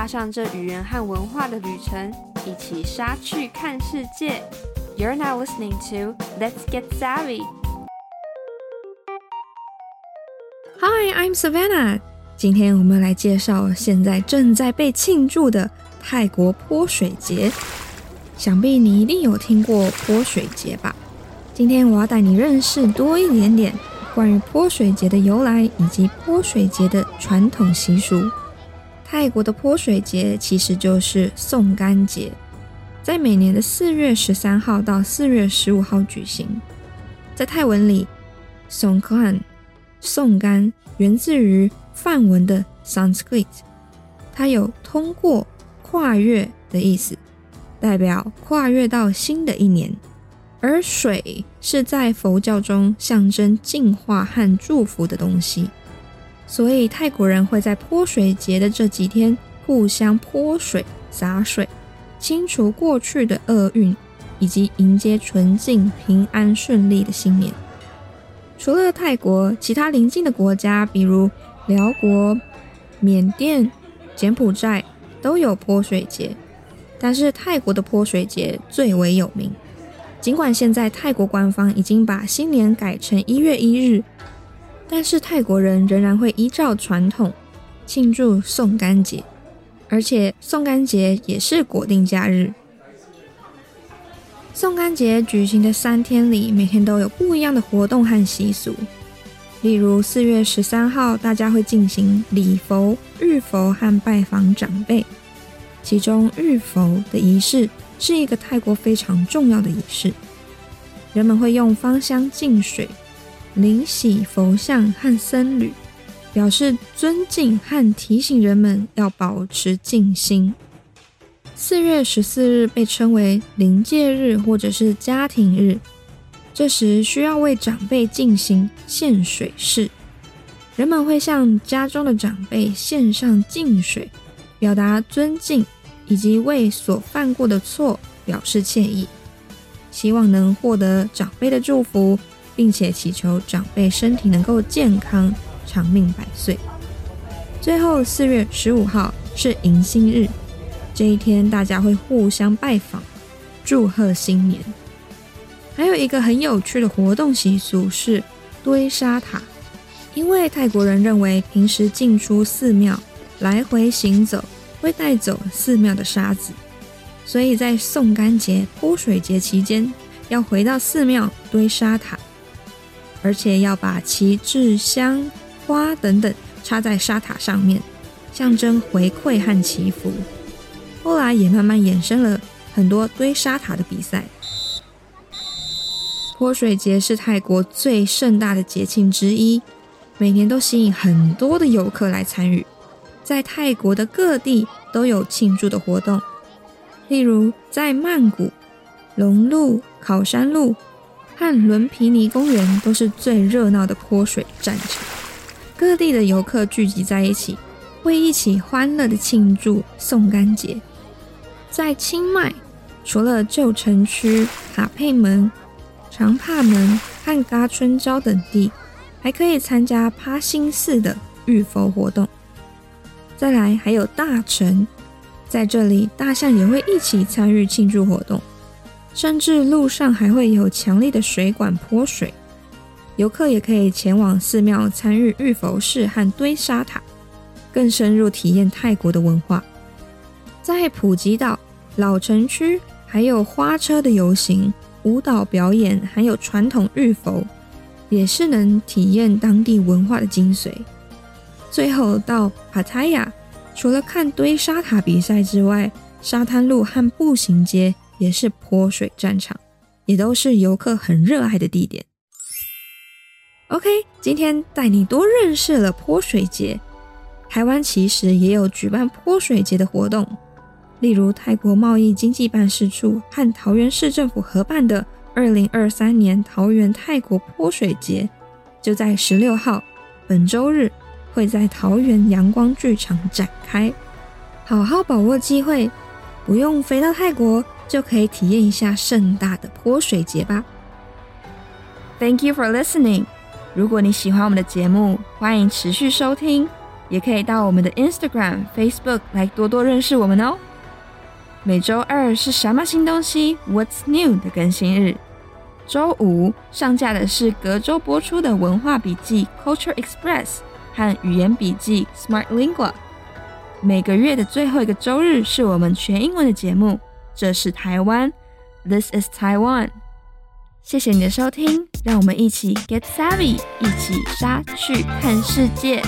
踏上這語言和文化的旅程，一起莎去看世界。You're now listening to Let's Get Savvy. Hi, I'm Savannah. 今天我們來介紹現在正在被慶祝的泰國潑水節。想必你一定有聽過潑水節吧？今天我要帶你認識多一點點關於潑水節的由來以及潑水節的傳統習俗。泰國的潑水節其實就是宋干節，在每年的四月十三號到四月十五號舉行。在泰文裡，宋干宋干源自於梵文的 Sanskrit，它有通過、跨越的意思，代表跨越到新的一年。而水是在佛教中象徵淨化和祝福的東西。所以泰國人會在潑水節的這幾天互相潑水、灑水，清除過去的厄運，以及迎接純淨、平安、順利的新年。除了泰國，其他鄰近的國家，比如寮國、緬甸、柬埔寨，都有潑水節，但是泰國的潑水節最為有名。儘管現在泰國官方已經把新年改成一月一日。但是泰國人仍然會依照傳統慶祝宋干節，而且宋干節也是國定假日。宋干節舉行的三天裡，每天都有不一樣的活動和習俗。例如四月十三號，大家會進行禮佛、浴佛和拜訪長輩。其中浴佛的儀式是一個泰國非常重要的儀式，人們會用芳香淨水。淋洗佛像和僧侶，表示尊敬和提醒人們要保持靜心。四月十四日被稱為臨界日或者是家庭日，這時需要為長輩進行獻水式。人們會向家中的長輩獻上淨水，表達尊敬以及為所犯過的錯表示歉意，希望能獲得長輩的祝福。並且祈求長輩身體能夠健康，長命百歲。最後，四月十五號是迎新日，這一天大家會互相拜訪，祝賀新年。還有一個很有趣的活動習俗是堆沙塔，因為泰國人認為平時進出寺廟來回行走會帶走寺廟的沙子，所以在宋干節、潑水節期間要回到寺廟堆沙塔。而且要把旗幟、香花等等插在沙塔上面，象徵回饋和祈福。後來也慢慢衍生了很多堆沙塔的比賽。潑水節是泰國最盛大的節慶之一，每年都吸引很多的遊客來參與。在泰國的各地都有慶祝的活動，例如在曼谷、龍路、考山路。漢倫披尼公園⟨⟩倫皮尼公園都是最熱鬧的潑水戰場，各地的遊客聚集在一起，為一起歡樂的慶祝送干節。在清邁，除了舊城區卡佩門、長帕門和嘎春礁等地，還可以參加帕辛寺的浴佛活動。再來，還有大城，在這裡，大象也會一起參與慶祝活動。甚至路上還會有強力的水管潑水，遊客也可以前往寺廟參與浴佛式和堆沙塔，更深入體驗泰國的文化。在普吉島老城區，還有花車的遊行、舞蹈表演，還有傳統浴佛，也是能體驗當地文化的精髓。最後到帕泰亞，除了看堆沙塔比賽之外，沙灘路和步行街。也是潑水戰場，也都是遊客很熱愛的地點。OK，今天帶你多認識了潑水節。台灣其實也有舉辦潑水節的活動，例如泰國貿易經濟辦事處和桃園市政府合辦的2023年桃園泰國潑水節，就在16號，本周日會在桃園陽光劇場展開。好好把握機會，不用飛到泰國。就可以體驗一下盛大的潑水節吧。Thank you for listening。如果你喜歡我們的節目，歡迎持續收聽，也可以到我們的 Instagram、Facebook 來多多認識我們哦。每周二是什麼新東西？What's new 的更新日。周五上架的是隔周播出的文化筆記 Culture Express 和語言筆記 Smart Lingua。每個月的最後一個周日是我們全英文的節目。這是台灣，This is Taiwan。謝謝你的收聽，讓我們一起 Get Savvy，一起莎去看世界。